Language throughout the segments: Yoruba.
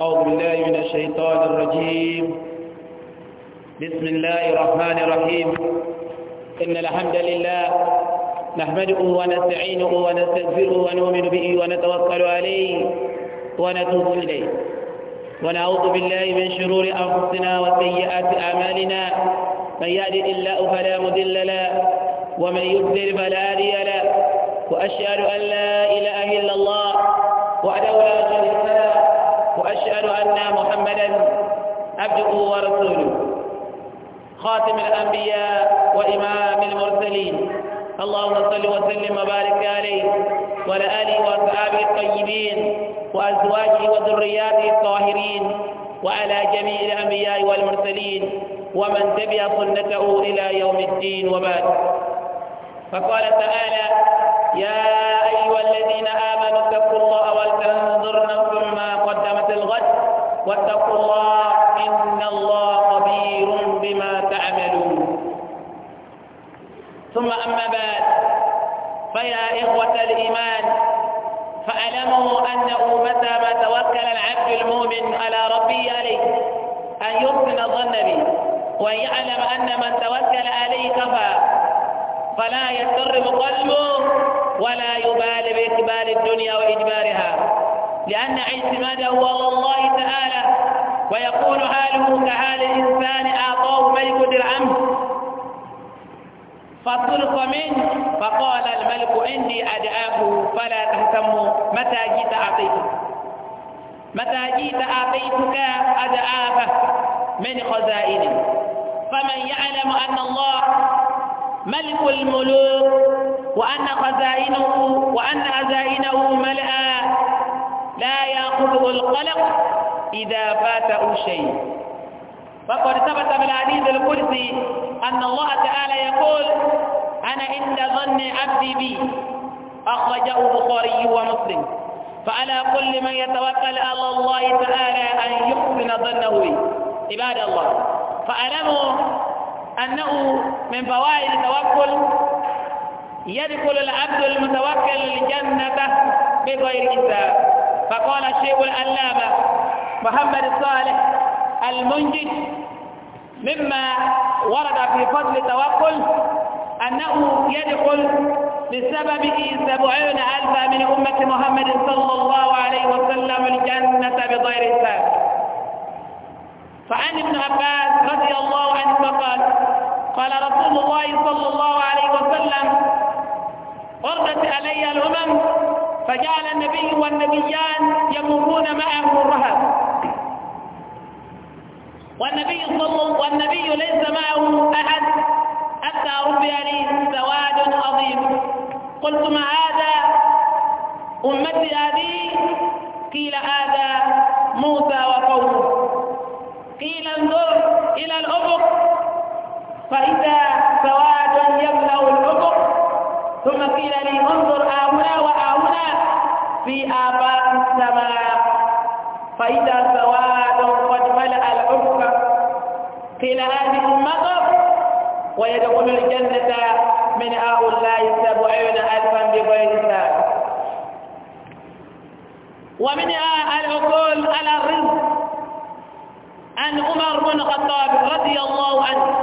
أعوذ بالله من الشيطان الرجيم بسم الله الرحمن الرحيم إن الحمد لله نحمده ونستعينه ونستغفره ونؤمن به ونتوكل عليه ونتوب إليه ونعوذ بالله من شرور أنفسنا وسيئات أعمالنا من يهده الله فلا مضل له ومن يضلل فلا هادي له وأشهد أن لا إله إلا الله وحده لا شريك له وأشهد أن محمدا عبده ورسوله خاتم الأنبياء وإمام المرسلين اللهم صل وسلم وبارك عليه وعلى آله وأصحابه الطيبين وأزواجه وذرياته الطاهرين وعلى جميع الأنبياء والمرسلين ومن تبع سنته إلى يوم الدين وبعد فقال تعالى يا أيها الذين آمنوا اتقوا الله ولتنظروا واتقوا الله إن الله خبير بما تعملون ثم أما بعد فيا إخوة الإيمان فألموا أنه متى ما توكل العبد المؤمن على ربه عليه أن يحسن الظن به وأن يعلم أن من توكل عليه كفى فلا يسرب قلبه ولا يبالي بإقبال الدنيا وإجبارها لأن اعتماده على الله تعالى ويكون حاله كحال الإنسان أعطاه ملك درعم فطلق منه فقال الملك إني أدعاه فلا تهتم متى جئت أعطيتك متى جئت أعطيتك أدعاه من خزائنه فمن يعلم أن الله ملك الملوك وأن خزائنه وأن خزائنه ملأ لا يأخذه القلق إذا فاته شيء فقد ثبت بالحديث القدسي أن الله تعالى يقول أنا عند ظن عبدي بي أخرجه البخاري ومسلم فعلى كل من يتوكل على الله تعالى أن يحسن ظنه بي عباد الله فاعلموا أنه من فوائد التوكل يدخل العبد المتوكل الجنة بغير حساب فقال الشيخ العلامة محمد الصالح المنجد مما ورد في فضل التوكل أنه يدخل بسببه سبعين ألفا من أمة محمد صلى الله عليه وسلم الجنة بغير حساب فعن ابن عباس رضي الله عنهما قال قال رسول الله صلى الله عليه وسلم عرضت علي الوحي فجعل النبي والنبيان يمرون معه الرهب والنبي صلى والنبي ليس معه أحد حتى ربي عليه سواد عظيم قلت ما هذا أمتي هذه قيل هذا موسى وقومه قيل انظر إلى الأفق فإذا سواد يملأ الأفق ثم قيل لي انظر آهنا هنا في آفاق السماء فإذا سواد قد ملأ العفق قيل هذه المغرب ويدخل الجنة من هؤلاء السبعين ألفا بغير حساب ومنها العقول على الرزق عن عمر بن الخطاب رضي الله عنه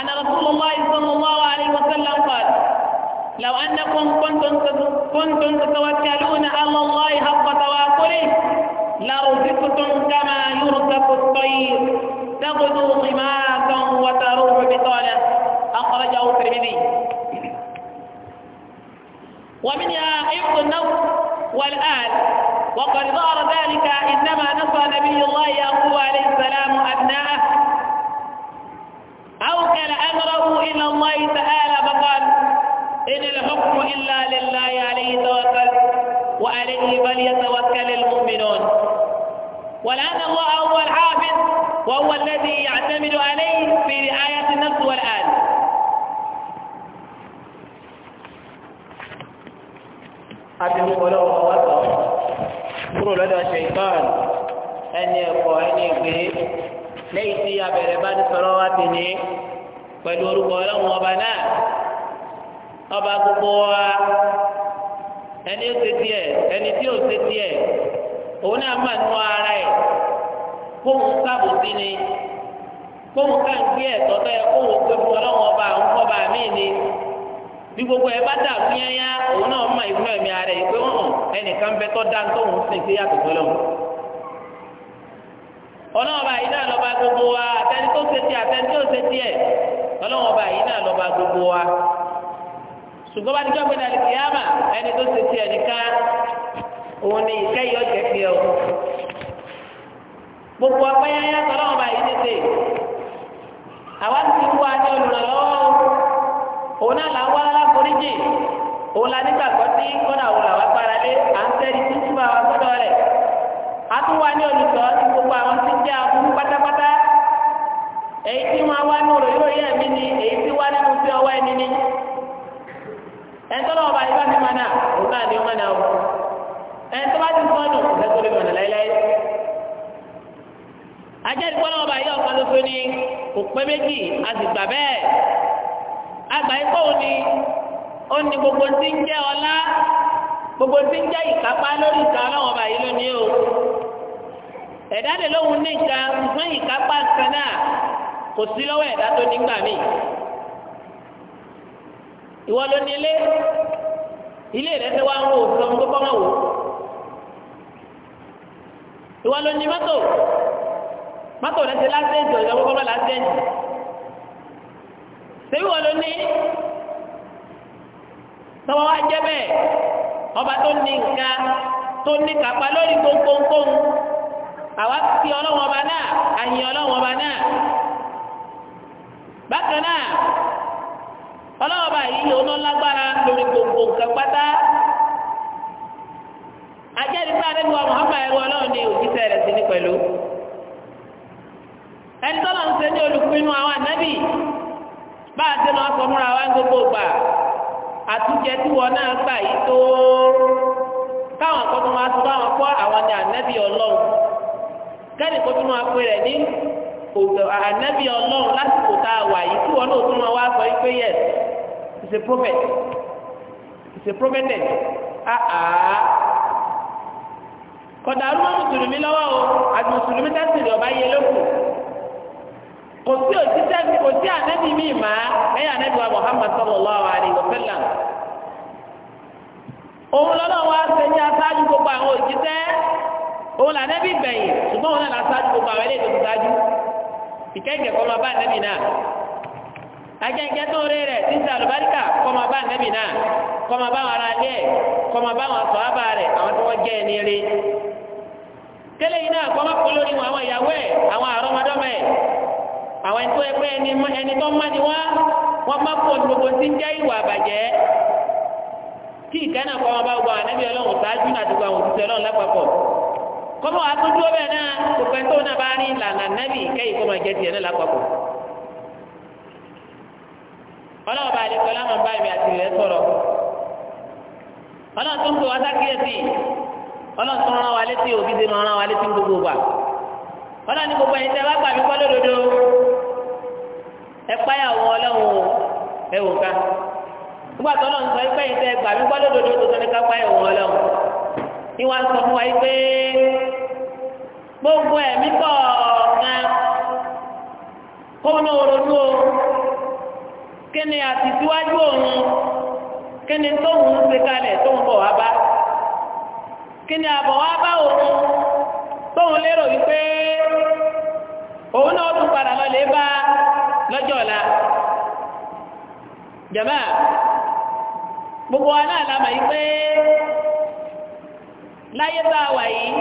أن رسول الله صلى الله عليه وسلم قال لو أنكم كنتم كنتم تتوكلون على الله حق توكله لرزقتم كما يرزق الطير تغدو خماسا وتروح بطالة أخرجه الترمذي ومنها حفظ النفس والآل وقد ظهر ذلك إنما نصر نبي الله يعقوب عليه السلام أبناءه أوكل أمره إلى الله تعالى فقال وعليه فليتوكل المؤمنون ولأن الله هو الحافظ وهو الذي يعتمد عليه في رعاية النفس والآل أبي ولو أوقع kúrò lọ́dọ̀ ṣèǹkan ẹni ẹ̀kọ́ ẹni ìgbé lẹ́yìn tí abẹ̀rẹ̀ bá ti sọ̀rọ̀ wá ti ní pẹ̀lú orúkọ ọlọ́run ọba náà ọba gbogbo wa. ẹni ó ṣe tiẹ̀ ẹni tí ó se tiẹ̀ òun náà máa nu ara ni kóun káńgbé ẹ̀tọ́ bẹ́ẹ̀ kóun pé fún ọlọ́wọ́n ọba ni bí gbogbo ẹ bá dà fún yẹn yá òun náà máa ìfún ẹ̀mí ara ẹ̀ pé wọ́n hàn ẹnìkan bẹ tọ́ dá tóun sì ṣe yàtọ̀ sọ́lọ́wọ́ ọlọ́wọ́ba yìí náà lọ́ba gbogbo wa àtẹni tó àtẹni yìí náà lọ́ba gbogbo ṣùgbọ́n bá díjọ́ gbẹ́dà lè yáàmà ẹni tó ṣe ti ẹnìkan òun ni ìkẹyìí ọ̀jẹ̀ pé ọ. gbogbo ọpẹ́ yẹn yá sọ́dọ̀ ọba yìí tètè àwa ti wú adé olùrànlọ́wọ́ òun náà là ń wá aláforíjì òun la nígbàgbọ́ sí kọ́dà òun làwọn agbára lé à ń tẹ́lẹ̀ tí túbọ̀ àwọn gbọ́dọ̀ rẹ̀ a tún wá ní olùsọ ti gbogbo àwọn tí jẹ́ aburú pátápátá èyí tí náà ni ó mọ̀nà o ẹni tó bá ti sọnù lẹ́tọ́ lè mọ̀nà láéláé. ajẹ́rìí pọ́n náà ọba yìí ọ̀kan ló fún ni kò pé méjì a sì gbà bẹ́ẹ̀ àgbà yìí kóhùn ni ó ní gbogbo tí ń jẹ́ ọlá gbogbo tí ń jẹ́ ìkápá lórí ìka ọlọ́wọ́n ọba lónìí o ẹ̀dá lè lóhun ní nǹkan ṣùgbọ́n ìkápá kan náà kò sí lọ́wọ́ ẹ̀dá tó nígbà míì ìwọ ló ní ilé ilé rẹ ti wá ń wò fún ọmọ tó kọ́ máa wò ìwà ló ní mọ́tò mọ́tò rẹ ti lásẹ̀ǹtì ọ̀gá kọ́kọ́ máa lásẹ̀ǹtì ṣèwí wọ́n ló ní tọ́wọ́ wá jẹ́ bẹ́ẹ̀ ọba tó ní nǹkan tó ní kápá lórí kónkónkón àwa ti ọlọ́wọ́n ọba náà àyìn ọlọ́wọ́n ọba náà bákan náà. ọlọ́ọ̀bà yìí olólágbára lórí gbogbo nǹkan pátá ajẹ́rìísá àdébù wa ẹ̀rọ ọlọ́run ní òjíṣẹ́ rẹ̀ sí ní pẹ̀lú ẹni ń ṣe ní olùpinnu àwọn ànábì bá a ṣe lọ sọ múra wa ń gbogbo gbà àtúnjẹ tí wọn náà gbà yìí tó káwọn kọ́ tó máa tó báwọn kọ́ àwọn ní ànábì ọlọ́run kẹ́ni kó tó máa a wà yìí tí wọn is a prophet is a prophetess aa ah, ah. kọ̀dà arúgbó mùsùlùmí lọ́wọ́ o àti mùsùlùmí tẹ́sílì ọba yẹ lóko kò sí òtítẹ́ kò sí ànábì míì má lẹ́yìn ànábì wa Muhammad sallallahu alaihi wa sallam òun lọ́nà wa ṣe ní aṣáájú gbogbo àwọn òjíṣẹ́ òun là nẹ́bí gbẹ̀yìn ṣùgbọ́n òun náà la ṣáájú gbogbo àwọn eléyìí tó ti ṣáájú ìkẹ́kẹ̀ẹ́ kọ́ máa bá ànábì náà ajẹ́njẹ́ tó rẹ̀ rẹ̀ sísè àlùbáríkà kọ́mọ bá nẹ́bì náà kọ́mọ bá wọn ara lé ẹ̀ kọ́mọ bá wọn sọ̀hábà rẹ̀ àwọn tó wọ́n jẹ́ ẹni rí. tẹ́lẹ̀ yìí náà kọ́mọ polórí wọn àwọn ìyàwó ẹ̀ àwọn àrọ́mọdọ́mọ ẹ̀ àwọn ẹni tó ẹgbẹ́ ẹni tó má ni wá wọ́n má kó gbogbo tí ń jẹ́ ìwà àbàjẹ́ kí ìkànnà kọ́mọ bá gbọ́ ànẹ́bí ọlọ́run ṣáájú àdúgbò àwọn òṣìṣẹ́ ọlọ́run lápapọ̀ kọ́mọ àtúntò bẹ́ẹ̀ náà kò pẹ́ tó náà bá rí ìlànà ọlọ́wọ́ bá àdékọ́ láwọn bá mi àti ilẹ̀ sọ̀rọ̀ ọlọ́run ń pè wá sákìyèsí ọlọ́run rán wa létí òbí máa rán wa létí gbogbo gbà ọlọ́run gbogbo ẹ̀yin tẹ́ bá gbà mí kọ́ lódodo ẹ páyà ẹ wò ká nígbà tó ọlọ́run sọ tẹ́ gbà mí kọ́ tó sọ́ni ká kíni àti síwájú òun kíni tóun ṣe kalẹ̀ tóun bọ̀ wá bá kíni àbọ̀ wá bá òun tóun lérò wípé òun náà tún padà lọ lè bá lọ́jọ́ ọ̀la jàmá gbogbo wa náà la mọ̀ yìí pé láyé tá a wà yìí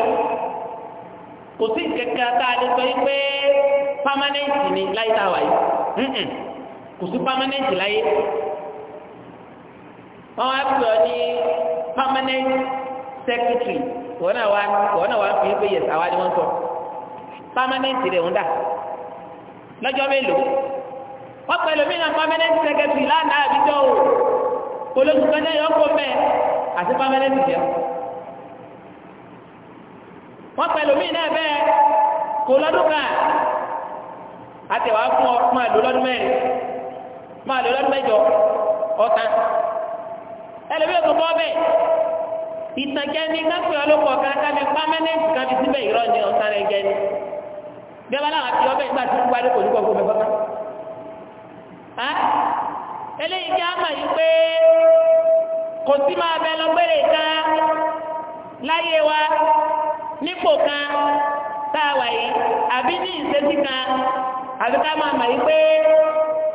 kò sí kẹ̀kẹ́ lè sọ yìí pé pámánẹ́ǹtì ni láyé tá wà yìí kò sí pámánẹ́ǹtì láyé wọn á pè ọ ní pámánẹ́ǹtì sẹ́kítírì wọn náà wá wọn náà wá fi pé yẹsà wá ni wọn sọ pámánẹ́ǹtì rẹ̀ ń dà lọ́jọ́ mélòó wọ́n pẹ̀lú mí náà pámánẹ́ǹtì sẹ́kítírì lánàá àbíjọ́ o olóṣù kan náà yọ kó mẹ́ àti pámánẹ́ǹtì jẹ́ wọ́n pẹ̀lú mí náà bẹ́ẹ̀ kó lọ́dún kan àtẹ̀wá fún ọ fún àdó lọ́dún mẹ́rin. máa lò lọ́dún mẹ́jọ ọ̀tàn ẹlẹ́bí òtún bọ́ bẹ́ẹ̀ ọlọ́pọ̀ síbẹ̀ ni ọ̀sán rẹ̀ jẹ́ bí ọba náà fi ọbẹ̀ nígbà tí ń parí kò ní kọ̀ọ̀kọ̀ mẹ́fọ́ kan. eléyìí kí á mà pé kò sí máa bẹ kan láyé wa nípò kan tá a wà yìí àbí ní ìṣesí kan àbí ká máa mà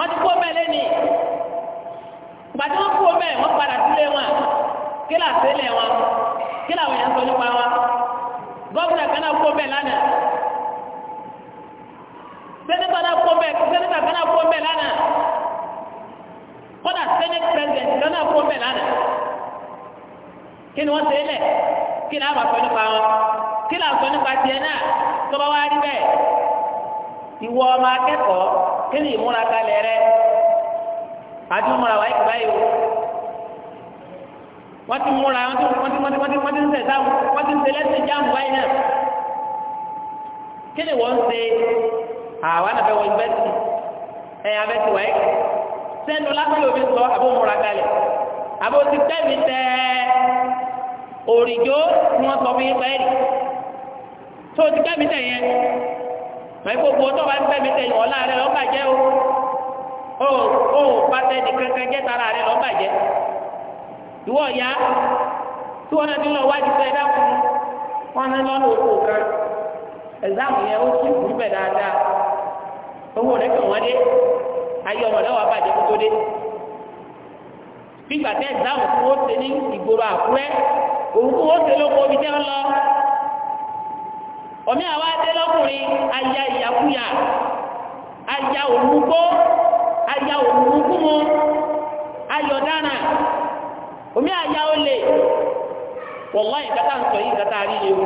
wọ́n ti kó mẹ́lẹ́ ni gbàtí wọ́n kó mẹ́ wọ́n padà sílé wọn kí là sílé wọn kí làwọn èèyàn sọ nípa wọn gómìnà kan náà kó mẹ́ lánàá sẹ́nẹ́tà náà kó mẹ́ sẹ́nẹ́tà kan náà kó mẹ́ lánàá kọ́dà sẹ́nẹ́tì pẹ́sidẹ̀ntì kan náà kó mẹ́ lánàá kí ni wọ́n ṣe é lẹ̀ kí ni àwọn àfẹ́ nípa wọn kí làwọn sọ nípa tiẹ̀ náà tó wá rí bẹ́ẹ̀ ìwọ ọmọ akẹ́kọ̀ọ́. Kini ni ìmúra kalẹ̀ rẹ àti múra wáyé kí báyìí o wọ́n ti múra wọ́n ti wọ́n ti wọ́n ti wọ́n ti wọ́n ti ń tẹ̀ sáwọn wọ́n ti ń tẹ̀ lẹ́sìn jáàmù báyìí náà kí ni wọ́n ń ṣe àwa nàbẹ̀ wọ yunifásitì ẹ̀ abẹ́ ti wáyé sẹ́nu lápẹ́lẹ́ omi sọ àbó múra kalẹ̀ àbó ti tẹ́mi tẹ́ òrìjó tí wọ́n sọ fún yín pẹ́ẹ́rì tó mẹ gbogbo ọtọ bá ń fẹ́ mi tẹ̀yìn ọ̀la rẹ lọ́ọ́ bàjẹ́ o o o pàtẹ nìkankan jẹ́ tara rẹ lọ́ọ́ bàjẹ́ ìwọ ya tí wọn ti lọ wájú sọ ẹ̀dá fún wọn ní lọ́nà oko kan ẹ̀záàmù yẹn ó sì kú bẹ̀ dáadáa owó rẹ kàn wọ́n dé ayé ọmọdé wa bàjẹ́ kótó dé bí gbàtẹ́ ẹ̀záàmù tí wọ́n ti ní ìgboro àkúrẹ́ òun kó ti lóko omi tẹ́ ń omi àwa dé lọ́kùnrin aya ìyàkúyà aya òmùgbó aya òmùgbúmu ayọ̀dára omi aya olè wọ̀lọ́ ìkátà ń sọ yìí ìkátà rí ewu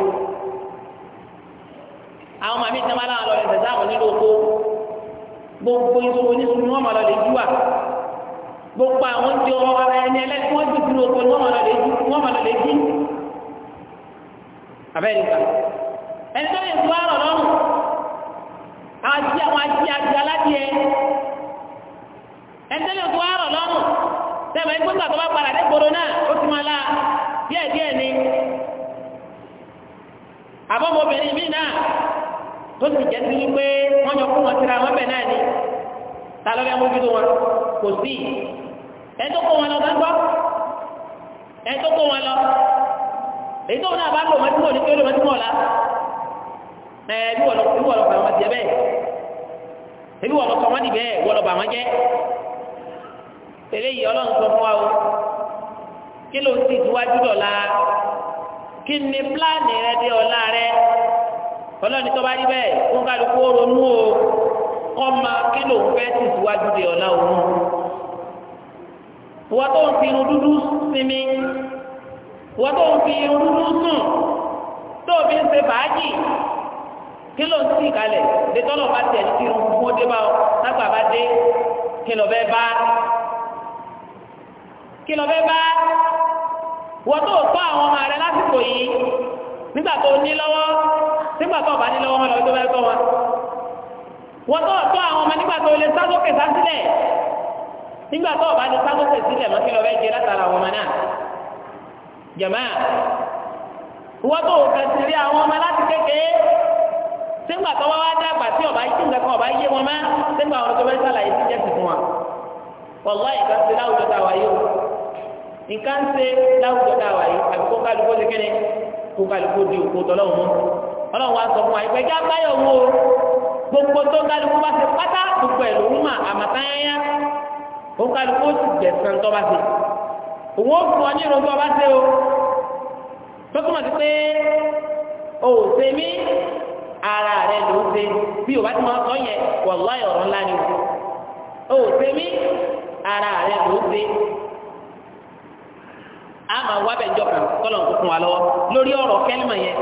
àwọn màmí tí wọn bá lọ rẹ tẹsán nílò oko gbogbo wọn máa lọ lè gbogbo àwọn oúnjẹ ọmọ ẹni ẹlẹ́sìn wọn ni wọn máa lọ lè ẹni tó lè wá rọ̀ lọ́rùn àti àwọn àti àti aládìẹ ẹni tó lè wá rọ̀ lọ́rùn tẹ̀wẹ̀ ikú tàbí bá padà dé gbòòrò náà ó ti máa la díẹ̀ díẹ̀ ni àbọ̀mọbìnrin mi náà tó sì jẹ́ sí wípé wọ́n yọ fún wọn síra wọn bẹ̀ náà ni ta ló fẹ́ mójútó wọn kò sí ẹni tó kó wọn lọ gbọ́ ẹni kó wọn lọ èyí tó wọn náà bá lò wọn tí wọn ò ní kí ó lò wọn tí wọn ò la ẹ bí wọ́n lọ bí wọ́n lọ bá wọn jẹ bẹ́ẹ̀ ebi wọ́n lọ sọ wọ́n di bẹ́ẹ̀ wọ́n lọ bá wọn jẹ́ fún wa o kí ló ti tiwájú dọ̀la kí ni pílánì rẹ dé ọ̀la rẹ ọlọ́run tó bá rí bẹ́ẹ̀ kó kálukú ronú o kọ́ ma o ló ń fẹ́ ti tiwájú dé ọ̀la o wọ́n tó ń dudu irun dúdú sinmi wọ́n sùn tó fi ń kí ló ń tì kalẹ̀ létọ́lọ̀ bá tẹ̀ sí irun fún ọdẹ bá ọ lágbà bá dé kí lọ bẹ́ bá kí lọ bẹ́ bá wọ́n tó tọ́ àwọn ọmọ rẹ lásìkò yìí nígbà tó ní lọ́wọ́ nígbà tó bá ní lọ́wọ́ wọn lọ tó bá tọ́ wọn wọ́n tó tọ́ àwọn ọmọ nígbà tó lè sásókè sásílẹ̀ nígbà tó bá lè sásókè sílẹ̀ mọ́ kí lọ bẹ́ látara àwọn ọmọ náà jẹ̀mọ́ wọ́n tó kẹsì àwọn ọmọ láti kékeré sẹ́gbà tó wá wá dàgbà tí ọba yìí nǹkan ọba yé wọn má sẹ́gbà wọn tó fẹ́ sàlàyé sí jẹ́ tuntun wa wọ́lá nǹkan ṣe láwùjọ tá a wà yìí o nǹkan ṣe láwùjọ tá a wà yìí àbí kó kálukó ṣe kéde kó kálukó di òkú tọ́lọ́wọ́ mú ọlọ́run wa sọ fún wa ìpẹ́ já báyọ̀ wo gbogbo tó kálukó bá ṣe pátá gbogbo ẹ̀ lòún mà àmàtányáyá kó kálukó sì gbẹ̀sán tó bá ṣe òun ó fún ọ ara rẹ ló ṣe bí o bá ti máa sọ yẹn wàláhì ọ̀rọ̀ ńlá ni o ò ṣe ara rẹ ló ṣe a wa lọ́wọ́ lórí ọ̀rọ̀ kẹ́lìmọ̀ yẹn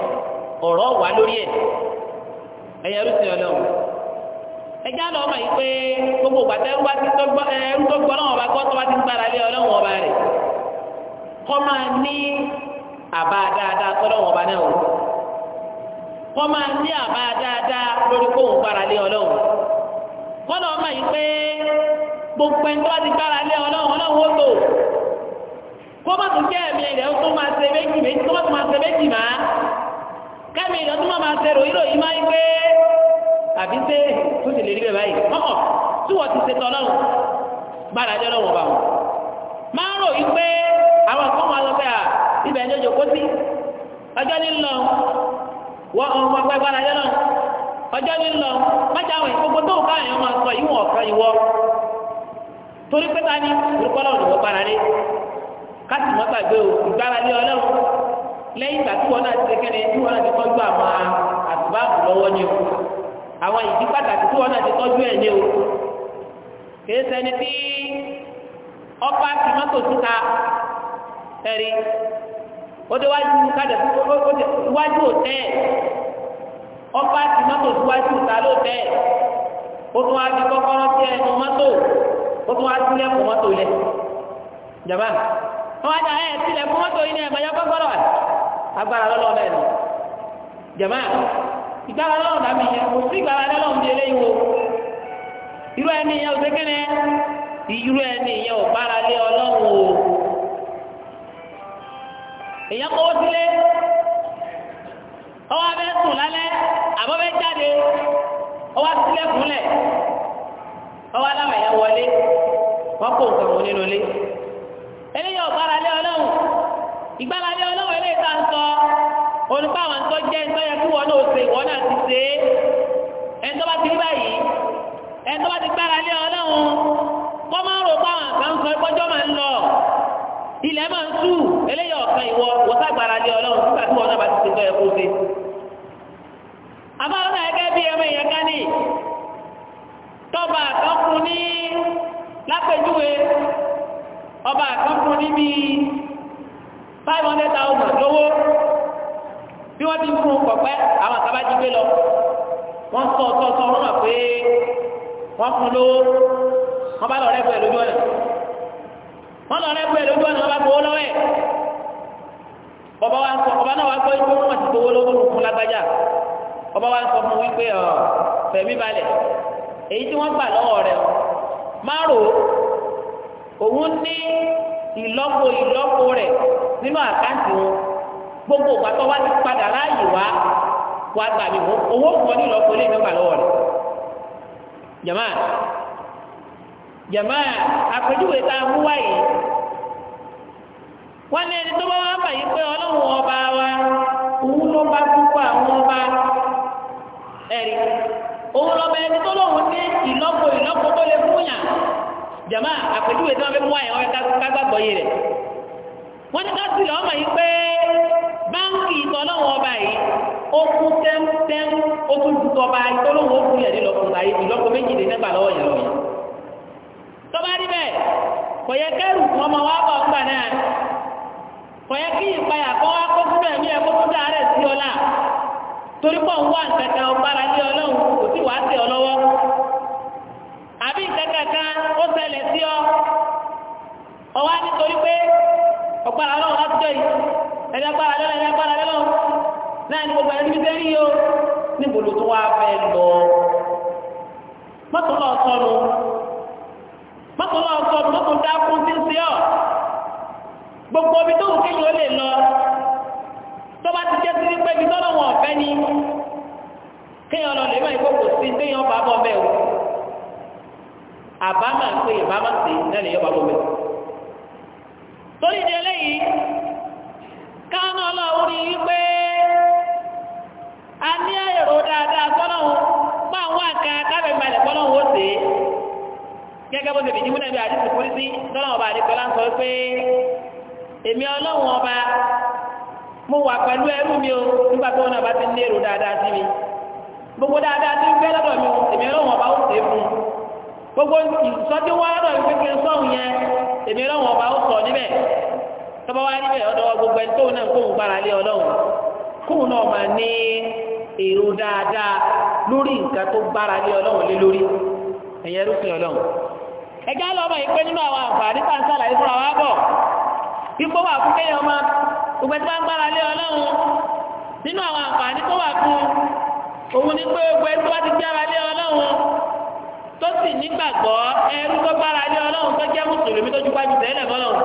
ọ̀rọ̀ wà lórí ẹ̀ ẹ̀yẹ rúṣin ọlọ́run ẹjá lọ ọmọ yìí pé gbogbo ti tọgbọ ọba gbára lé ọba máa ní àbá dáadáa ọba náà kọ́ máa ní àbá dáadáa lórí kóun gbára lé ọlọ́run kọ́nà ọmọ yìí pé gbogbo ẹni tó bá ti gbára lé ọlọ́run ọlọ́run ó lò kó má tún jẹ́ ẹ̀mí rẹ̀ ó tún máa ṣe méjì méjì tó má tún máa ṣe méjì má kẹ́mi rẹ̀ ó tún máa ṣe ròyìn ròyìn máa ń gbé àbí ṣé tó ti lè rí bẹ́ẹ̀ báyìí ọ̀họ̀ tí wọ́n ti ṣe tọ́ lọ́run gbára lé ọlọ́run ọba wọn máa ń ròyìn pé àwọn kan wọ́n ọmọ ọgbẹ́ gbára yẹn náà ọjọ́ ụlọ lọ mẹ́ta àwọn ìgbogbo tó ń máa sọ ìwọ̀n ọ̀kan ìwọ torí pé ta ni olùkọ́ náà lọ́wọ́ gbára rẹ̀ káàtì mọ́ gbàgbé o ìgbára lé ọlọ́run lẹ́yìn ìgbà tí wọ́n náà ti tí wọ́n náà ti o àwọn ìdí pàtàkì tí wọ́n náà ti ẹ̀ o kìí sẹ́ni tí ó dé wájú kájọ wájú òtẹ́ ọba ti mọ́tò síwájú ìta ló tẹ́ ó tún wá di kọ́kọ́rọ́ sí ẹnu mọ́tò o tún wá sílẹ̀ fún mọ́tò lẹ̀ jàmbá wọ́n wájà ẹ̀ sílẹ̀ fún mọ́tò yìí ní ẹ̀mọ́ yọ kọ́kọ́rọ́ wà agbára lọ́lọ́ náà nù jàmbá ìgbára lọ́wọ́ dàbí yẹn kò sí ìgbára lọ́wọ́ ní eléyìí wo irú ẹni yẹn ò sékẹ́nẹ́ irú ẹni yẹn ò bára lé ọlọ́wọ́ o èèyàn kọ́wọ́ sílé ọwọ́ abẹ́ sùn lálẹ́ àbọ̀bẹ́ jáde ọwọ́ sílẹ̀ kúnlẹ̀ ọwọ́ aláwọ̀ yẹn wọlé wọ́n kó nǹkan wọn nínú ilé eléyìí ọ̀gbára lé ọlọ́run ìgbára lé ọlọ́run eléyìí tá à ń sọ olùkọ́ àwọn ń tọ́ jẹ́ ń tọ́ yẹ kí wọ́n náà ṣe ìwọ́n náà ti ṣe é ẹni tó bá ti rí báyìí ẹni tó bá ti gbára lé ọlọ́run kọ́ máa ń rò pé àwọn ìpọ́jọ́ máa ń lọ ilẹ̀ máa ń tú eléyà ọ̀kan ìwọ wọ́tá gbára lé ọlọ́run nígbà tí wọ́n náà bá ti ṣètò ẹ̀kọ́ ṣe. àbá ọ̀nà ẹgẹ́ bí ẹmọ èèyàn ká ní tọ́ba àkọ́kùn ní lápẹjúwe ọba àkọ́kùn ní bíi five hundred thousand lówó bí wọ́n ti ń fún un pọ̀pẹ́ àwọn àkábájí gbé lọ wọ́n sọ ọ̀tọ̀ọ̀tọ̀ wọ́n mọ̀ pé wọ́n fún lówó wọ́n bá lọ rẹ́gbẹ̀ẹ́ ọba wa ń sọ fún wípé ọ fẹ̀mí balẹ̀ èyí tí wọ́n gbà lọ́wọ́ rẹ̀ o rò òun ní ìlọ́po ìlọ́po rẹ̀ nínú àkáǹtì wọn gbogbo ìgbà tó wá ti padà láàyè wá wá gbà mí owó kan ní ìlọ́po lè mẹ́fà lọ́wọ́ rẹ̀ jama jama àpèjúwe tá a mú wáyé wọ́n ní ẹni tó bá wá bàyí pé ọlọ́run ọba wa òun ló bá dúpọ̀ àwọn ọba ẹ̀rí òun lọ bẹ́ẹ̀ tó lóun ní ìlọ́pọ̀ ìlọ́pọ̀ tó lè fún yàn jàmá àpèjúwe tí wọ́n fi mú àyàn ọ̀yẹ́ kágbàgbọ́ yìí rẹ̀ wọ́n ní ká sì lọ́ mọ̀ yìí pé báńkì ìtọ́lọ́wọ́ ọba yìí ó kú tẹ́ńtẹ́ń ó tún ju tọba ìtọ́lọ́wọ́ ó kú yẹn nílọ́pọ̀ láyé ìlọ́pọ̀ méjìlélẹ́gbà lọ́wọ́ yẹn lọ́wọ́ yẹn tọ́ba rí bẹ́ẹ̀ kò yẹ kẹ́rù ọmọ wa bọ̀ ń gbà náà kò yẹ kí ìpayà kọ́ wá kó torí pọ̀ ń wá nǹkankan ọgbára lé ọlọ́run kò sí wàá tẹ̀ ọ lọ́wọ́ àbí nǹkankan ó ṣẹlẹ̀ sí ọ ọwá nítorí pé ọgbára ọlọ́run láti jọ yìí ẹ̀dá gbára lọ́lọ́ ẹ̀dá ni gbogbo ẹni bí sẹ́rí yìí ó níbo ló tún wáá fẹ́ lọ mọ́tò gbogbo omi tó lọ tó bá ti jẹ́ sí ní pẹ́bí tọ́nà wọn ọ̀fẹ́ ni kéèyàn lọ lè má ìkókò sí téèyàn bá bọ́ bẹ́ẹ̀ o àbámà pé ìbámà sí náà lè yọ bá bọ́ bẹ́ẹ̀ torí di eléyìí káwọn ọlọ́run rí i pé a ní èrò dáadáa sọ́nà wọn pa àwọn àka káfẹ́ balẹ̀ bọ́lọ́ wọn ó sè é gẹ́gẹ́ bó ṣe fìdí múnà bí àdìsí polisi sọ́nà ọba àdìsọ́lá ń sọ pé èmi ọlọ́run ọba mo wà pẹ̀lú ẹrú mi o nígbà tó wọn bá ti ní èrò dáadáa sí mi gbogbo dáadáa tí ń fẹ́ lọ́dọ̀ mi èmi ọlọ́wọ́n bá ó ṣe é fún gbogbo ìsọdí wọn lọ́dọ̀ mi kékeré sọ́hùn yẹn èmi ọlọ́wọ́n bá ó sọ níbẹ̀ tọ́ba wá níbẹ̀ ọ̀dọ̀ gbogbo ẹni tóun náà kóun gbára lé ọlọ́run kóun náà máa ní èrò dáadáa lórí nǹkan tó gbára lé ọlọ́run lé lórí ẹ̀yẹ rúfin ọlọ́run ẹ̀gá lọ́mọ ìpé nínú àwọn àǹfààní tá à ń sàlàyé fúnra gbogbo ẹtí bá ń gbára lé ọlọ́run nínú àwọn àǹfààní tó wà fún òun ni pé gbogbo ẹtí bá ti gbára lé ọlọ́run tó sì nígbàgbọ́ ẹrú tó gbára lé ọlọ́run tó jẹ́ mùsùlùmí tó ju tẹ́lẹ̀ fọlọ́run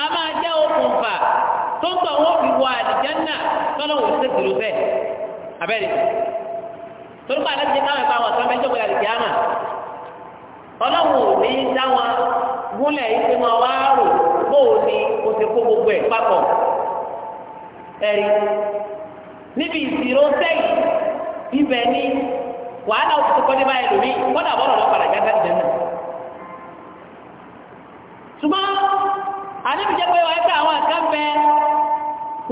a máa jẹ́ okùnfà tó ń tọ̀ wọ́n fi wọ àlìjẹ́nà tọ́lọ́wọ́ sí ìdúró bẹ́ẹ̀ abẹ́rẹ́ torí bóò ni o ti kó gbogbo ẹ̀ papọ̀ ẹ̀rí níbi ìṣirò sẹ́yìn ibẹ̀ ni wàhálà o ti tó kọ́ni báyìí lómi kọ́dà bọ́ọ̀rọ̀ lọ́pàá làjà ká ìjẹun náà. ṣùgbọ́n àníbìjẹ́ pé wàá fẹ́ àwọn àkànfẹ́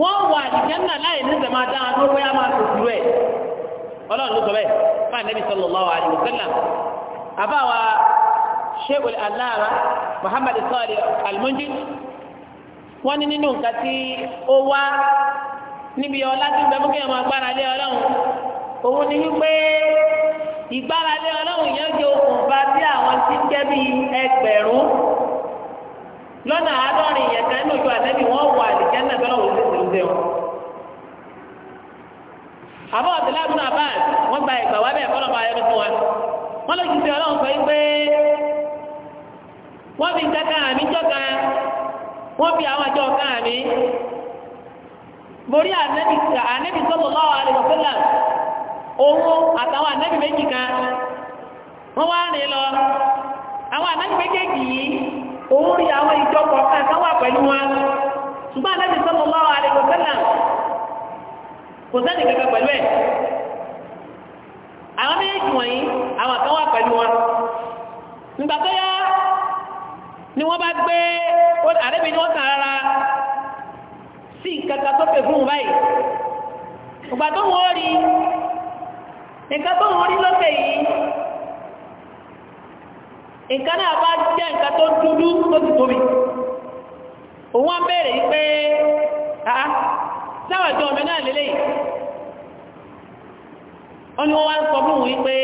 wọ́n wà àdìjẹ́ náà láì ní sẹ̀má dáhà tó bóyá máa tó dúró ẹ̀ ọlọ́run ló sọ bẹ́ẹ̀ fún ànábì sallallahu alaihi wasallam àbáwa ṣé wòlé aláàrá muhammad sọ́ọ̀lì alimunji wọ́n ní nínú nǹkan tí ó wá níbi ọlá tí ń bẹ fún kí ọmọ agbára lé ọlọ́run òun ni wípé ìgbára lé ọlọ́run yẹn jẹ́ okùnfà sí àwọn tí ń jẹ́ bíi ẹgbẹ̀rún lọ́nà àádọ́rin yẹn kan nínú ìjọ àtẹ́bí wọ́n wọ àlìjẹ́ náà tọ́lọ́ wò lóṣù lóṣù wọn. àbọ̀ ọ̀tẹ́lá ibùdó abáàd wọ́n gba ìgbà wá bẹ́ẹ̀ fọ́lọ́ bá yẹn fún wa wọ́n lọ́ọ́ wọ́n fi nǹkan kan àmì jọ́ka wọ́n fi àwọn àjọ kan àmì borí ànẹ́bí sallallahu alaihi wasallam òun àtàwọn ànẹ́bí méjì kan wọ́n wá rìn lọ àwọn ànẹ́bí méjèèjì yìí òun rí àwọn ìjọ kọ̀ọ̀kan kan wà pẹ̀lú wọn ṣùgbọ́n ànẹ́bí sallallahu alaihi wasallam kò sẹ́ni kankan pẹ̀lú ẹ̀ àwọn méjèèjì wọ̀nyí àwọn kan wà pẹ̀lú wọn nígbà tó yá ni wọ́n bá gbé àrẹ́bí ni wọ́n tàn rárá sí kankan tó pè fún un báyìí ìgbà tó wọ́n rí nǹkan tó wọ́n rí lọ́sẹ̀ yìí nǹkan náà bá jẹ́ nǹkan tó dúdú tó ti tóbi òun á bẹ̀rẹ̀ yìí pé àá sáwà jọ ọmọ náà lélẹ̀ yìí wọ́n ní wá ń sọ fún òun yìí pé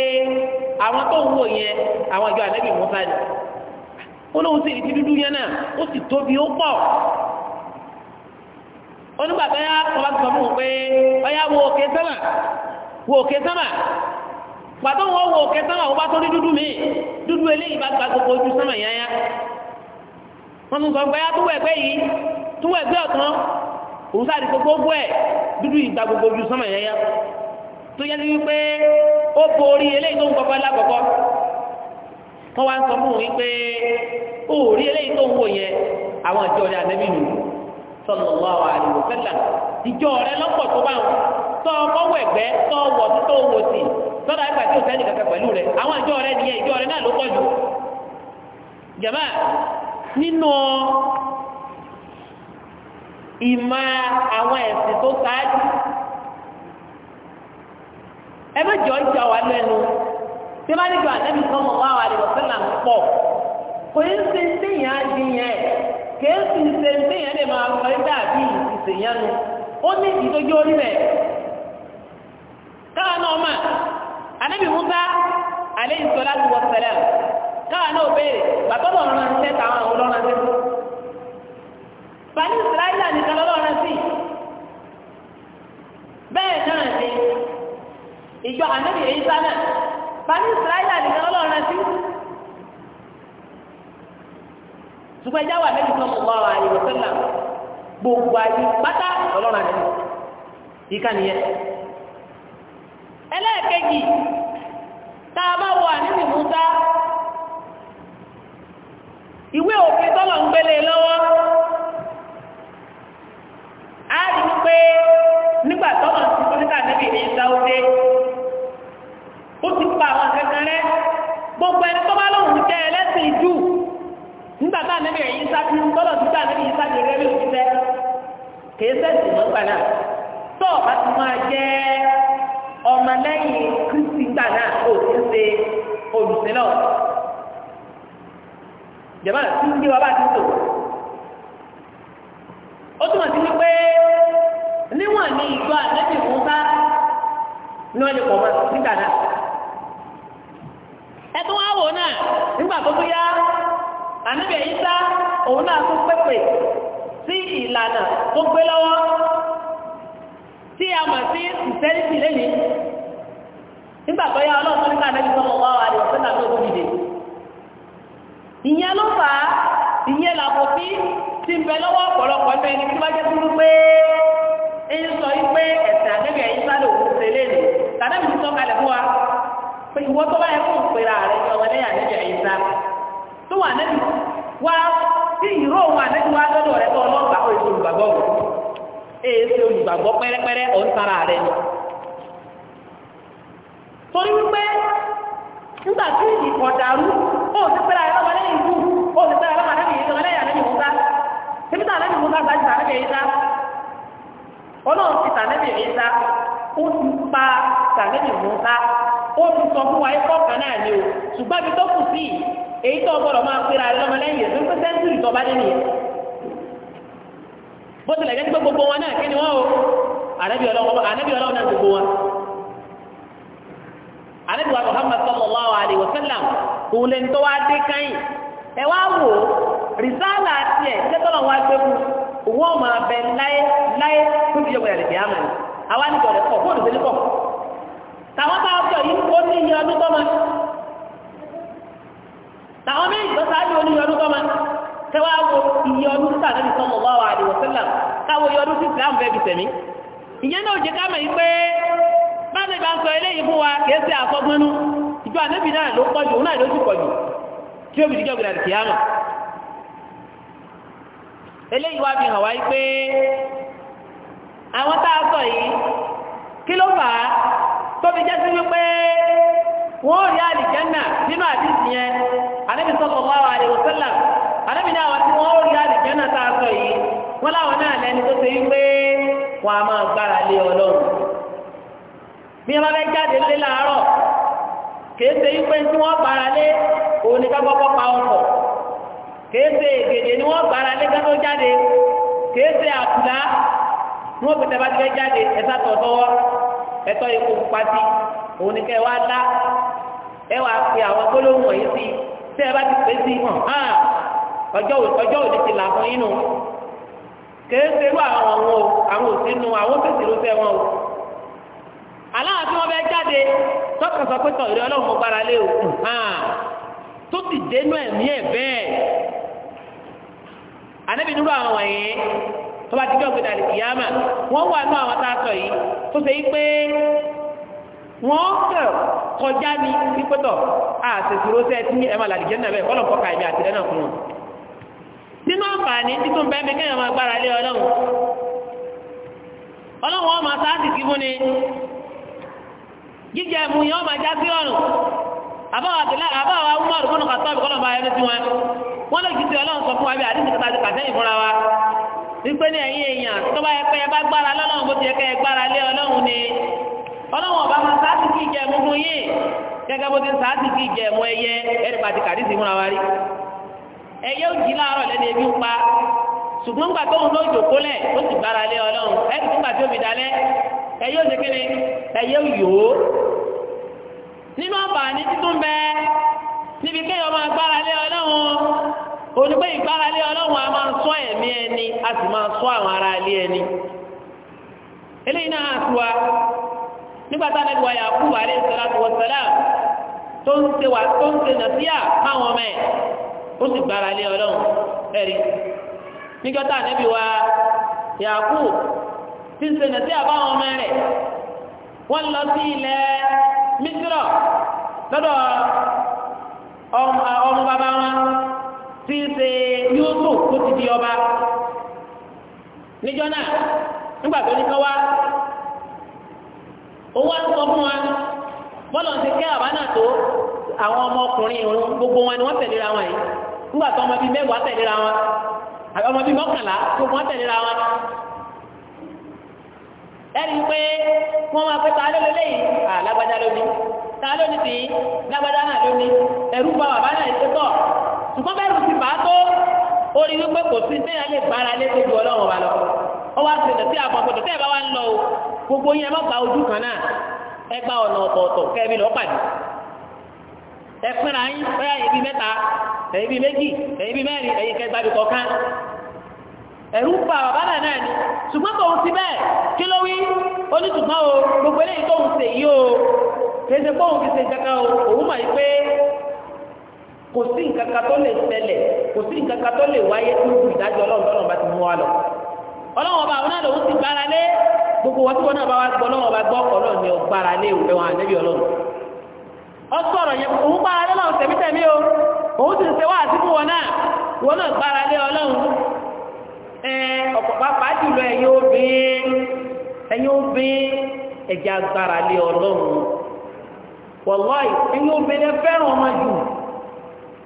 àwọn tó ń wò yẹn àwọn ìjọ àlẹ́bí mọ́sá ni olóhùn sì ti dúdú yẹn náà ó sì tóbi ó pọ̀ onígbàtà yá ọba tó sọ fún un pé ọyá wo òkè sánmà wo òkè sánmà pàtó wọn wo òkè sánmà wọn bá tó ní dúdú mi dúdú eléyìí bá gba gbogbo ojú sánmà yẹn yá wọn tún sọ pé yá tó wọ ẹgbẹ́ yìí tó wọ ẹgbẹ́ ọ̀tán òun sáré gbogbo ẹ dúdú yìí gba gbogbo ojú sánmà yẹn yá tó yẹ kí wípé ó borí eléyìí tó ń kọ́kọ́ lákọ̀ọ́kọ́. wọ́n wá ń sọ fún wípé ó rí eléyìí tó ń wò àwọn ìjọ rẹ̀ ànẹ́bí nù sallallahu alaihi wasallam ìjọ rẹ̀ lọ́pọ̀ tó bá ẹ̀gbẹ́ tọ́ wọ̀ tó wò sí àwọn ìjọ rẹ̀ nìyẹn ìjọ rẹ̀ náà ló pọ̀ jù àwọn ẹ̀sìn tó ẹ tí bá nígbà àdébì kan mọ̀ wá wà lè wọ̀sẹ̀ là ń pọ̀ kò ń ṣe téèyàn á di yẹn kì í sì ṣe téèyàn lè máa sọ ẹgbẹ́ àbí ìṣèyàn nu ó ní ìdójú orí rẹ̀ káwa náà mà àdébì Musa alẹ́ ìṣọ́lá ti wọ̀ sẹ́lẹ̀ káwa náà béèrè gbàtọ́dọ̀ ọ̀rọ̀ ránṣẹ́ táwọn àwọn olóránṣẹ́ tó bani israẹla nìkan lọ́wọ́ rántí bẹ́ẹ̀ náà ni ìjọ ànábì èyí sá náà bani israẹla nìkan ọlọ́run rántí ṣùgbọ́n ẹja wà lẹ́yìn tó mọ̀ ọ́ gbogbo ayé pátá àti ìka nìyẹn ẹlẹ́ẹ̀kejì tá a bá wọ àníbi Musa ìwé òfin tọ́lọ̀ ń gbélé lọ́wọ́ á rí i pé nígbà tọ́lọ̀ ti kọ́ níta níbi ó ti pa àwọn kankan rẹ gbogbo ẹni tó bá lóun jẹ ẹlẹ́sìn jù nígbà tá àmì rẹ̀ yín sáfi tọ́lọ̀ títà níbi yín sáfi rẹ̀ lóun jíṣẹ́ kìí sẹ́sì mọ́ gbà náà tó o ti kristi gbà náà ó ti ṣe wò náà nígbà tó tó yá ànábì Ìsá òun náà tó pépè sí ìlànà tó gbé lọ́wọ́ tí a mọ̀ sí ìtẹ́lítì lẹ́yìn nígbà tó yá ọlọ́run nígbà náà tó mọ̀ wá wà ní ọ̀sẹ̀ náà tó tó dìde ìyẹn ló fà á ìyẹn làbò bí ti ń bẹ lọ́wọ́ ọ̀pọ̀lọpọ̀ ẹgbẹ́ ẹni tí wọ́n jẹ́ dúró pé ń pé ìwọ tó bá yẹ kó pèrà rẹ ní ọmọdé yà níjà ìsá tó wà nẹ́bi wá tí ìró wà nẹ́bi wá lọ́dọ̀ rẹ tó ọlọ́gbà ó èso olùgbàgbọ́ wò èyí ṣe olùgbàgbọ́ pẹ́rẹ́pẹ́rẹ́ ọ̀ ń tara rẹ ni torí wípé nígbà tí ìkọ̀ dàrú ó ti pèrà rẹ lọ́mọdé yìí kú ó ti pèrà lọ́mọdé yìí lọ́mọdé yà nẹ́bi mú tẹ́bítà lẹ́bí mú sáà sáàjì ọlọ́run ti tàbí ẹ̀yíta ó ti pa tàbí mú ó ti sọ fún wa ẹ̀kọ́ kan náà ni o ṣùgbọ́n ibi tó kù sí èyí tó gbọ́dọ̀ máa pera rẹ lọ́mọlẹ́yìn rẹ pé sẹ́ńtúrì tó bá dé nìyẹn bó tilẹ̀ jẹ́ pé gbogbo wọn náà kí ni wọ́n o ànábì ọlọ́wọ́ ànábì ọlọ́wọ́ náà gbogbo wọn ànábì wa Muhammad sallallahu alayhi wa sallam òun lè ń tó wá dé káyìn ẹ wá wò ó rìsáàlà tiẹ̀ tẹ́tọ́lọ̀ wá gbé fún òun ọmọ abẹ láyé láyé fún ìjọba ìrìnàjò àmàlẹ́ àwa nígbà rẹ̀ kọ̀ fóònù tàwọn bá ọjọ́ yìí ó ní iye ọdún tọ́mọ tàwọn méjì tó ó ní iye ọdún wo iye ọdún títà lẹ́bi sọ́mọ wá wà àdìwọ̀ sílẹ̀ káwọ iye ọdún títà ń bẹ́ẹ̀ tẹ̀mí ìyẹn náà ká mọ̀ yìí pé bá ń sọ eléyìí fún wa kìí ṣe àfọgbọ́nú ìjọ ànábì náà ló pọ̀jù òun náà ló tóbi jẹ́ sí wípé wọ́n rí àlìjẹ́nà nínú àdìsí yẹn Ànábì sallallahu alaihi wasallam Ànábì ní àwọn tí wọ́n rí àlìjẹ́nà tá a sọ yìí wọ́n láwọn náà lẹ́ni tó ṣe wípé wọ́n a máa gbára lé ọlọ́run bí wọ́n fẹ́ jáde lé láàárọ̀ kìí ṣe wípé tí wọ́n gbára lé òun ní kápọ́pọ́ pa ọkọ̀ kìí ṣe ègèdè ni wọ́n gbára lé kátó jáde kìí ṣe àkùlá wọ́n pètè bá ẹ̀tọ́ ikú pati òun ni kẹ wá dá ẹ wàá pe àwọn gbólóhùn wọ̀nyí sí tẹ ẹ bá ti pè sí hàn hàn ọjọ́ ọjọ́ òde ti là fún yín o kèé serú àwọn ọ̀hún o àwọn òsínú àwọn òsèsì ló wọn o aláwọ̀ tí wọ́n fẹ́ jáde tọkàn sọ pé tọ̀ ìrẹ́ ọlọ́run mo gbára lé o hàn tó ti dénú ẹ̀mí ẹ̀ bẹ́ẹ̀ ànábì àwọn wọ̀nyí tó bá ti jọ́ gbẹdà lè kíyàmà wọ́n wà nú àwọn tá a sọ yìí tó ṣe yí pé wọ́n kẹ̀ kọjá ní pípẹ́tọ̀ àṣẹṣirò sẹ́ tí ẹ máa làdìjẹ́ náà bẹ́ẹ̀ kọ́lọ̀ kọ́ka ẹ̀mí àtìlẹ́ náà fún wọn. nínú àǹfààní títún bẹ́ẹ̀ mi kéèyàn máa gbára lé ọlọ́run ọlọ́run wọn máa sáà sì kí fún ni jíjẹ mu yẹn wọn máa sí ọ̀run àbáwá Umar fún ọ̀kadọ́ àbíkọ́lọ́ máa yẹnu sí wọn wọn lè jí sí ọlọ́run sọ fún wa bí àdínkù wípé ní ẹ̀yin èèyàn tó bá yẹ pé ẹ bá gbára lọ́lọ́run bó ti yẹ kẹ́ ẹ gbára lé ọlọ́run ni ọlọ́run ọba máa sáàtì kí ìjẹ ẹ̀mú fún yín gẹ́gẹ́ bó ti sáàtì kí ìjẹ ẹ̀mú ẹyẹ ẹ̀rí pàtì kàdísì múra wá rí ẹyẹ ò jí láàárọ̀ lẹ́nu ebi ń pa ṣùgbọ́n gbà tóun ló jòkó ó sì gbára lé ọlọ́run ẹ̀rí tó gbà tó fi dalẹ̀ ẹyẹ ò ṣèkéne ẹyẹ ò yòó nínú ọ̀bà títún bẹ́ẹ̀ níbi kéèyàn máa gbára lé ọlọ́run onígbé ìgbáralé ọlọ́run a máa sọ ẹ̀mí ẹni a sì máa sọ àwọn ará ilé ẹni eléyìí náà a kú wà lè tó wọsọlá tó ń ṣe wà tó ń ṣe nàfíà máwọn ọmọ ẹ ó sì gbára ọlọ́run ẹ̀rí a wa yà kú tí ń ṣe nàfíà ọmọ wọ́n lọ sí ilẹ̀ mísírọ̀ lọ́dọ̀ ọmọ bàbá tó ti di ọba níjọ́ náà nígbà tó ní owó àtúntò fún wa bọ́lọ̀ ti kẹ́ àbá tó àwọn ọmọkùnrin gbogbo wọn ni wọ́n tẹ̀léra wọn yìí nígbà tó ọmọ bíi mẹ́wàá tẹ̀léra wọn ọmọ bíi mọ́kànlá tẹ̀léra wọn ẹni pé wọ́n máa pẹ́ ta ló ta náà ẹ̀rú bá bàbá náà tọ̀ ṣùgbọ́n ó rí wípé kò sí lè bára lé gbogbo ọlọ́run wa lọ ó wá sí ìdọ̀tí àpapọ̀ tẹ́ ẹ bá wá ń lọ o gbogbo yẹn má gba ojú kan náà ẹ gba ọ̀nà ọ̀tọ̀ọ̀tọ̀ kẹ́ẹ̀bí lọ pàdé ẹ yín bóyá mẹ́ta ẹ̀yìn méjì ẹ̀yìn mẹ́rin ẹ̀yìn kọ̀ọ̀kan ẹ̀rú pa bàbá náà ni ṣùgbọ́n tòun ti bẹ́ẹ̀ kí ló wí ó ní ṣùgbọ́n gbogbo eléyìí tóun ṣe o pé òun ṣe kò sí nǹkan kan tó lè ṣẹlẹ̀ kò sí nǹkan kan tó lè wáyé tó kù ìdájọ́ ọlọ́run tọ́lọ́run bá ti mú wa lọ. ọlọ́run ọba àwọn náà lòun ti gbára lé gbogbo wọn tí wọn náà bá wá gbọ́ ọlọ́run ọba gbọ́ ọlọ́run ni ó gbára lé òun ẹ̀wọ̀n àlẹ́bí ọlọ́run. ó sọ̀rọ̀ yẹn òun gbára lé lọ́run tẹ̀mítẹ̀mí o òun ti ṣe wá àti fún wọn náà wọn náà gbára lé ọlọ́run. ọ̀pọ̀ pápá jù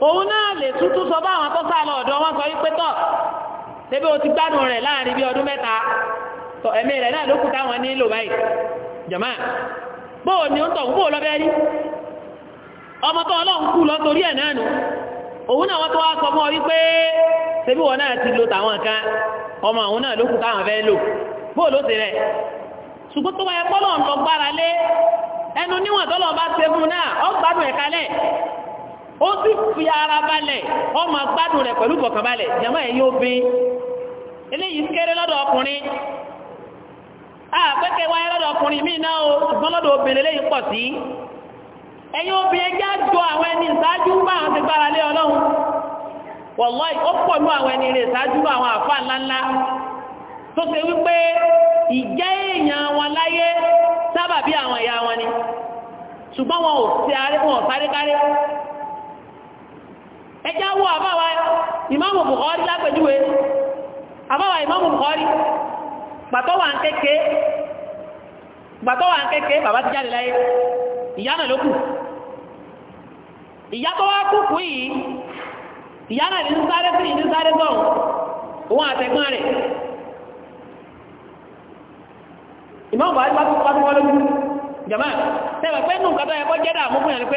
òun náà lè tuntun sọ bá àwọn akọ́sà lọ ọ̀dọ́ wọn sọ wípé tọ̀ o ti gbádùn rẹ láàrin bí ọdún mẹ́ta tọ̀ ẹ̀mí rẹ̀ náà ló kú táwọn nílò báyìí jàmá bóò ni ó ń tọ̀ bóò lọ bẹ́ẹ̀ rí ọmọ tó ọlọrun kú lọ torí náà nù òun náà tó wá sọ lo tàwọn kan ọmọ òun náà ló kú táwọn fẹ́ lò bóò ló ti rẹ. ṣùgbọ́n tó wáyé bọ́lọ̀ ń lọ gbára lé ẹnu níwọ̀n bá ṣe ó sì fi ara balẹ̀ ó máa rẹ̀ pẹ̀lú bọ̀kànbalẹ̀ jẹ́mọ́ ẹ̀ yóò bí eléyìí kéré lọ́dọ̀ ọkùnrin àpẹ́kẹ́ wáyé lọ́dọ̀ ọkùnrin míì náà o ṣùgbọ́n lọ́dọ̀ obìnrin eléyìí pọ̀ sí ẹ̀yin obìnrin já jọ àwọn ẹni ìsáájú bá àwọn ti gbára lé ọlọ́run ó pọ̀ àwọn ẹni ìsáájú bá àwọn ńláńlá tó ṣe wípé ìjẹ́ èèyàn wọn láyé sábàbí àwọn ìyá wọn ni ṣùgbọ́n wọn ò ẹjá wọ àbáwá ìmáàmù Bukhari lápẹjúwe àbáwá ìmáàmù Bukhari gbàtọ́wà ń kéèké gbàtọ́wà ń kéèké bàbá ti jáde láyé ìyá náà ló kù ìyá tó wá kú kú yìí ìyá náà ní sáré sí ìní sáré sọ̀rọ̀ òun àtẹ̀gbọ́n rẹ̀ ìmáàmù Bukhari wá tó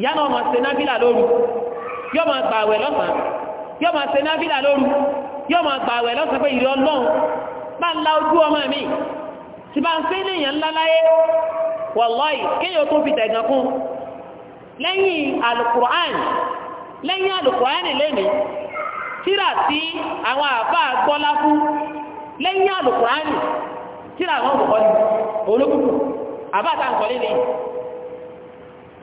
ìyá náà máa ṣe nábìlà lóru yóò máa gbà àwẹ̀ lọ́sàn-án yóò máa ṣe nábìlà lóru yóò máa gbà àwẹ̀ lọ́sàn-án pé ìrẹ́ ọlọ́run bá ń la ojú ọmọ mi tí bá ń fẹ́ léèyàn ńlá láyé wàlọ́ì kéèyàn tó fi tẹ̀gàn fún lẹ́yìn alukur'an lẹ́yìn alukur'an lẹ́ni tíra tí àwọn àbá gbọ́lá fún lẹ́yìn alukur'an tíra àwọn olùkọ́ni olókùnkùn àbá àtàǹkọ́lé lẹ́yìn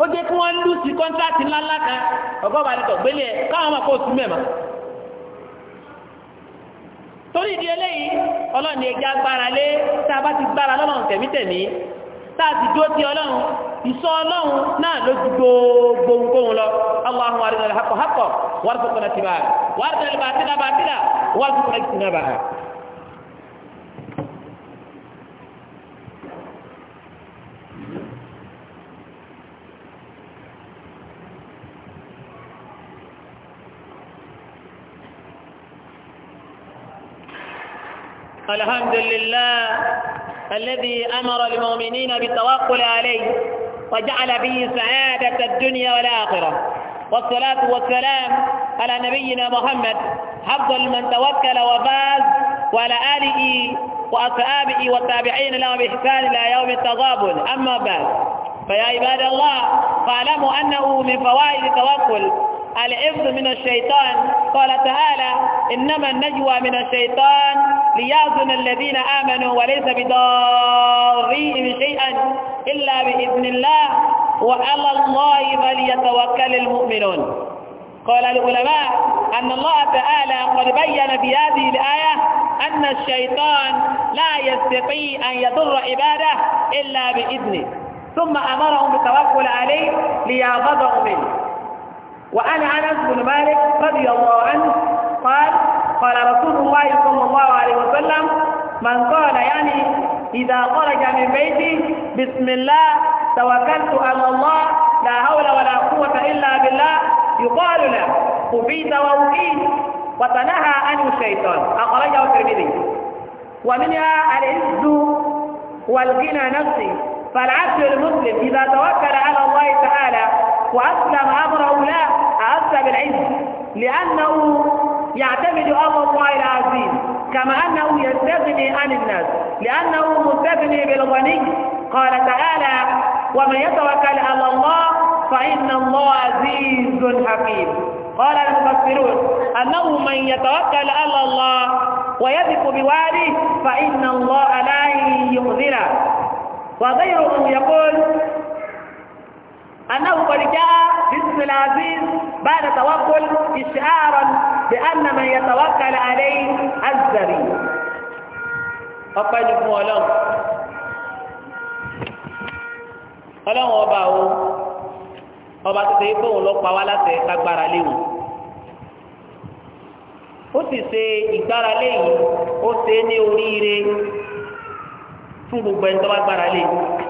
oge jẹ́ kí wọ́n lù sí kọ́ńtráàtì ńláńlá kan ọgọ́ba lẹ́tọ̀ gbélé káwọn máa kó oṣù mẹ́ma. torí ìdí eléyìí ọlọ́ọ̀ni ẹja gbára lé tá a bá ti gbára lọ́lọ́run tẹ̀mítẹ̀mí tá a ti dúró ti ọlọ́run ìsọ ọlọ́run náà ló ju gbogbo ohun lọ الحمد لله الذي أمر المؤمنين بالتوكل عليه وجعل به سعادة الدنيا والآخرة والصلاة والسلام على نبينا محمد أفضل من توكل وفاز وعلى آله وأصحابه والتابعين لهم بإحسان إلى يوم التغابن أما بعد فيا عباد الله فاعلموا أنه من فوائد التوكل الحفظ من الشيطان قال تعالى إنما النجوى من الشيطان ليأذن الذين آمنوا وليس بضارين شيئا إلا بإذن الله وعلى الله فليتوكل المؤمنون قال العلماء أن الله تعالى قد بين في هذه الآية أن الشيطان لا يستطيع أن يضر عباده إلا بإذنه ثم أمرهم بالتوكل عليه ليعبدوا منه وعن أنس بن مالك رضي الله عنه قال قال رسول الله صلى الله عليه وسلم من قال يعني إذا خرج من بيتي بسم الله توكلت على الله لا حول ولا قوة إلا بالله يقال له قبيت ووكيت وتنهى عنه الشيطان أخرجه الترمذي ومنها العز والغنى نفسي فالعبد المسلم إذا توكل على الله تعالى وأسلم أمره لا أعز بالعز لأنه يعتمد أمر الله العزيز كما أنه يستغني عن الناس لأنه مستغني بالغني قال تعالى ومن يتوكل على الله فإن الله عزيز حكيم قال المفسرون أنه من يتوكل على الله ويثق بوالي فإن الله لا يخذله وغيرهم يقول أنه قد جاء باسم العزيز بعد توكل إشعارا بأن من يتوكل عليه الزري أقل مولان ọlọ́run ọba o ọba tó ṣe é fóun lọ pa wá láti agbára léwu ó sì ṣe ìgbára léyìí ó ṣe é ní oríire fún gbogbo ẹni tó bá gbára léyìí.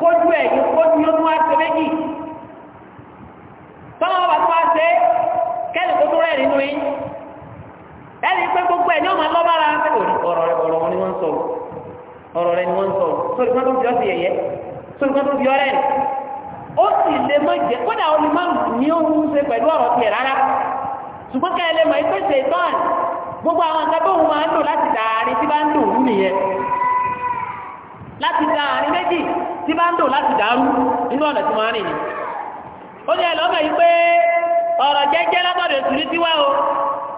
kójú ẹ̀yìn kójú yóò tún wá ṣe méjì tọ́wọ́ bá tún wá ṣe kẹ́lì tó tún rẹ̀ nínú yín ẹ̀rí pé gbogbo ẹ̀ ní ọmọ lọ́bára ọ̀rọ̀ rẹ̀ ni wọ́n sọ̀rọ̀ ọ̀rọ̀ rẹ̀ ni wọ́n sọ̀rọ̀ sórí kan tó fi ọ́ sí ẹ̀yẹ sórí kan tó fi ọ́ rẹ̀ ni ó sì lè mọ jẹ kódà ó lè má ní ohun ṣe pẹ̀lú ọ̀rọ̀ tiẹ̀ rárá ṣùgbọ́n kẹ́ ẹ lè mọ ìpèsè ìtọ́n gbogbo àwọn nǹkan tó ń máa ń lò láti dàárín tí bá ń lò nìyẹn láti dàárín tí bá ń dò láti dàrú nínú ọ̀nà tí wọ́n rìn ni. ó ní ẹlọ́mọ yìí pé ọ̀rọ̀ jẹ́jẹ́ lọ́gbọ̀dọ̀ ìtùrí tí wá o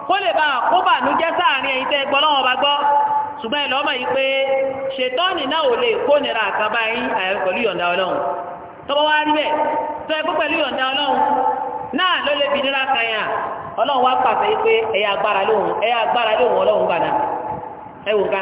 kó lè bá àkóbà ló jẹ́ sáàrin ẹ̀yìn tẹ́ gbọ́ lọ́wọ́ bá gbọ́ ṣùgbọ́n ẹlọ́mọ yìí pé ṣètọ́nì náà ò lè kó nira àkàbá yín àyẹ̀wò pẹ̀lú ìyọ̀ǹda ọlọ́run tọ́wọ́ wá rí bẹ́ẹ̀ tó ẹkú pẹ̀lú ìyọ̀ǹda ọlọ́run náà ló lè fi nira kanya ọlọ́run wá pàṣẹ yìí pé ẹ̀yà agbára lóhùn ẹ̀yà agbára lóhùn ọlọ́run ká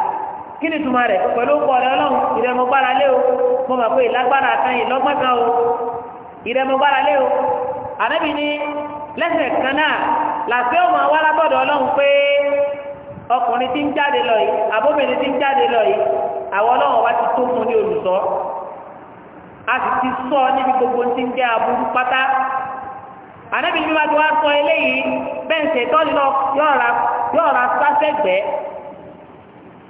kí ni tuma rẹ̀ pẹ̀lú kọ̀ọ̀rẹ́ ọlọ́run ìrẹ́mọ̀gbára lé o mo mọ̀ pé ìlágbára kan ìlọ́gbọ́n kan o ìrẹ́mọ̀gbára lé o ànábì ni lẹ́sẹ̀ kan náà làṣẹ ọmọ wa lábọ̀dọ̀ ọlọ́run pé ọkùnrin tí ń jáde lọ yìí abóbìnrin tí ń jáde lọ yìí àwọn ọlọ́run wa ti tó fún ní olùsọ a sì ti sọ níbi gbogbo tí ń jẹ́ aburú pátá ànábì ni wọ́n ti wá sọ eléyìí bẹ́ẹ̀ ṣètọ́ lọ yọ̀ọ̀ra sáfẹ́gbẹ́ẹ́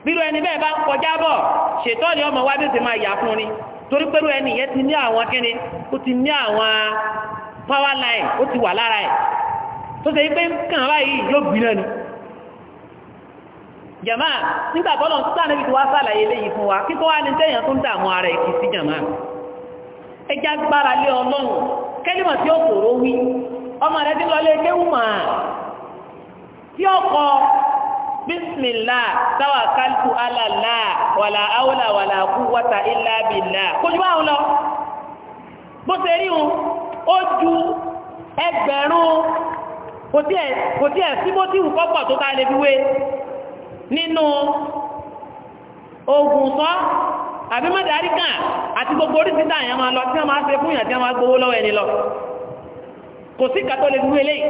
bírú ẹni bẹ́ẹ̀ bá ń kọjá bọ̀ ṣètọ́ ni ọmọ wa bí máa yà fún ni torí ti ní àwọn kíni ó ti ní àwọn power line ó ti wà lára ẹ̀ tó ṣe pé kàn báyìí yóò ni Jama, nígbà tọ́lọ̀ ń sáà níbi tí wá sàlàyé léyìí fún wa kí tó wá ní tó ń dààmú ara ẹ̀ kì sí gbára lé ọlọ́run bismillah tawakkaltu ala Allah wàlà áwòlà wàlà quwwata illa billah kojú àwọn lọ bó ṣe rí un ó ju ẹgbẹ̀rún kò tí ẹ̀ sí bó tí ìwùkọ́ pọ̀ tó ká lè fi wé nínú ogun sọ́ àbí mọ́dárí kan àti gbogbo orísìí tá lọ tí wọ́n máa ṣe fún ìyàn tí wọ́n máa gbowó lọ́wọ́ ẹni lọ kò sí ìkàtọ́ lè fi wé léyìí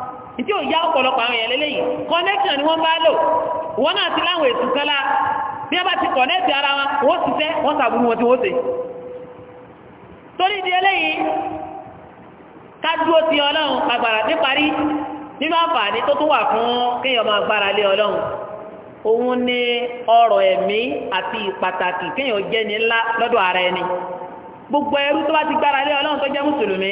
ìtí ò yá ọ̀pọ̀lọpọ̀ àwọn èèyàn lélẹ́yìn connection ni wọ́n bá lò wọ́n náà ti láwọn ètò kọ́lá bí wọ́n bá ti connect ara wọn wọ́n ti tẹ́ wọ́n sàbúrú wọn tí wọ́n tẹ̀ torí di eléyìí kájú ti ọlọ́run agbára ní parí nínú àǹfààní tó tún wà fún kéèyàn máa gbára lé ọlọ́run òun ni ọrọ̀ ẹ̀mí àti pàtàkì kéèyàn jẹ́ ni ńlá lọ́dọ̀ ara ẹni gbogbo ẹrú tó bá ti gbára lé ọlọ́run tó jẹ́ mùsùlùmí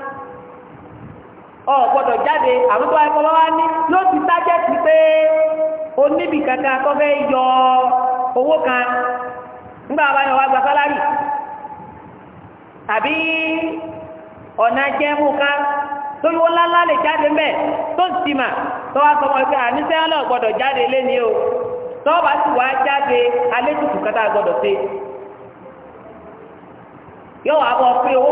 Ọgbọdọ jáde àwọn tó wáyé wá ní ló ti tájẹ́tì pé oníbì kankan tó fẹ́ yọ owó kan nígbà wá yọ wá gba sálárì tàbí ọ̀nà mú kan tó lówó ńláńlá lè jáde mẹ́ tó ń tì tó wá sọmọ àníṣẹ́ o tó bá sì wá jáde kátà gbọ́dọ̀ yọ wá pé owó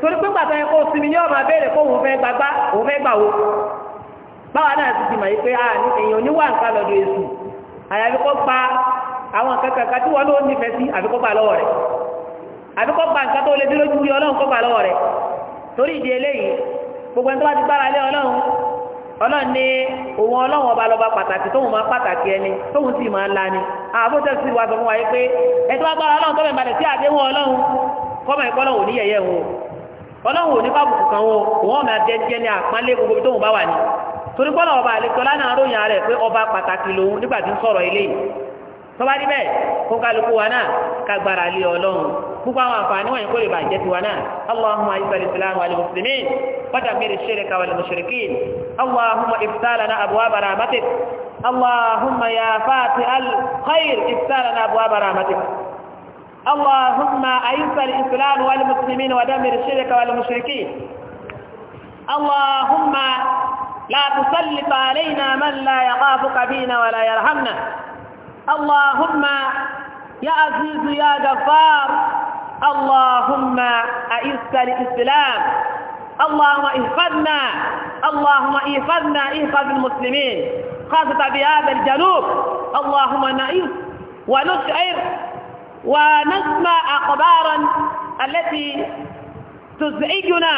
torí pé gbàtọ́ yẹn kó sinmi yóò máa béèrè kó òun fẹ́ gbàgbá òun fẹ́ gbà wo báwa náà ti ti mọ̀ pé a ah, èèyàn oníwà nǹkan lọ́dọ̀ èsù àyàfi kó pa àwọn nǹkan kankan tí wọ́n ló nífẹ̀ẹ́ sí àfi kó gbà lọ́wọ́ rẹ̀ àfi kó pa nǹkan tó lè dé lójú ọlọ́run kó gbà lọ́wọ́ rẹ̀ torí ìdí eléyìí gbogbo ẹni tó bá ti gbára lé ọlọ́run ọlọ́run ní òun ọlọ́run ọba lọ́ba pàtàkì tóun máa pàtàkì ẹni tóun sì máa ń la ni àbó tẹ́ sí wa sọ fún wa yìí pé ẹni tó bá gbára ọlọ́run tó bẹ̀ balẹ̀ ọlọ́run ò ní bábùkù kan wọn wọn máa jẹjẹ ní àpọ́nlé gbogbo tóun bá wà ní torí pọ́nà ọba àlejò lánàá ròyìn rẹ̀ pé ọba pàtàkì lòun nígbà tí ń sọ̀rọ̀ eléyìí tọ́ba rí bẹ́ẹ̀ kó kálukú wa náà kágbára lé ọlọ́run gbogbo àwọn àǹfààní wọ̀nyí kó lè bàjẹ́ tiwa náà allahumma ayyuka islam wal muslimin wata miri shirka wal mushrikin allahumma iftalana abwaab rahmatik allahumma ya اللهم أعز الإسلام والمسلمين ودمر الشرك والمشركين اللهم لا تسلط علينا من لا يخافك فينا ولا يرحمنا اللهم يا عزيز يا غفار اللهم أعز الإسلام اللهم احفظنا اللهم احفظنا احفظ المسلمين خاصة بهذا الجنوب اللهم نعيش ونشعر ونسمع أخبارا التي تزعجنا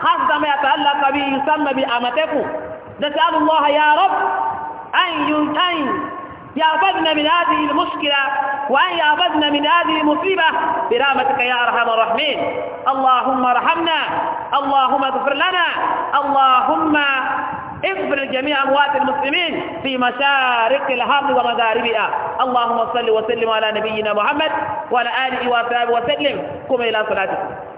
خاصة ما يتعلق به يسمى بأمتكم نسأل الله يا رب أن يأبدنا من هذه المشكلة وأن يأبدنا من هذه المصيبة برحمتك يا أرحم الراحمين اللهم رحمنا اللهم اغفر لنا اللهم اغفر جميع أموات المسلمين في مشارق الأرض ومغاربها اللهم صل وسلم على نبينا محمد وعلى آله وصحبه وسلم قم إلى صلاتكم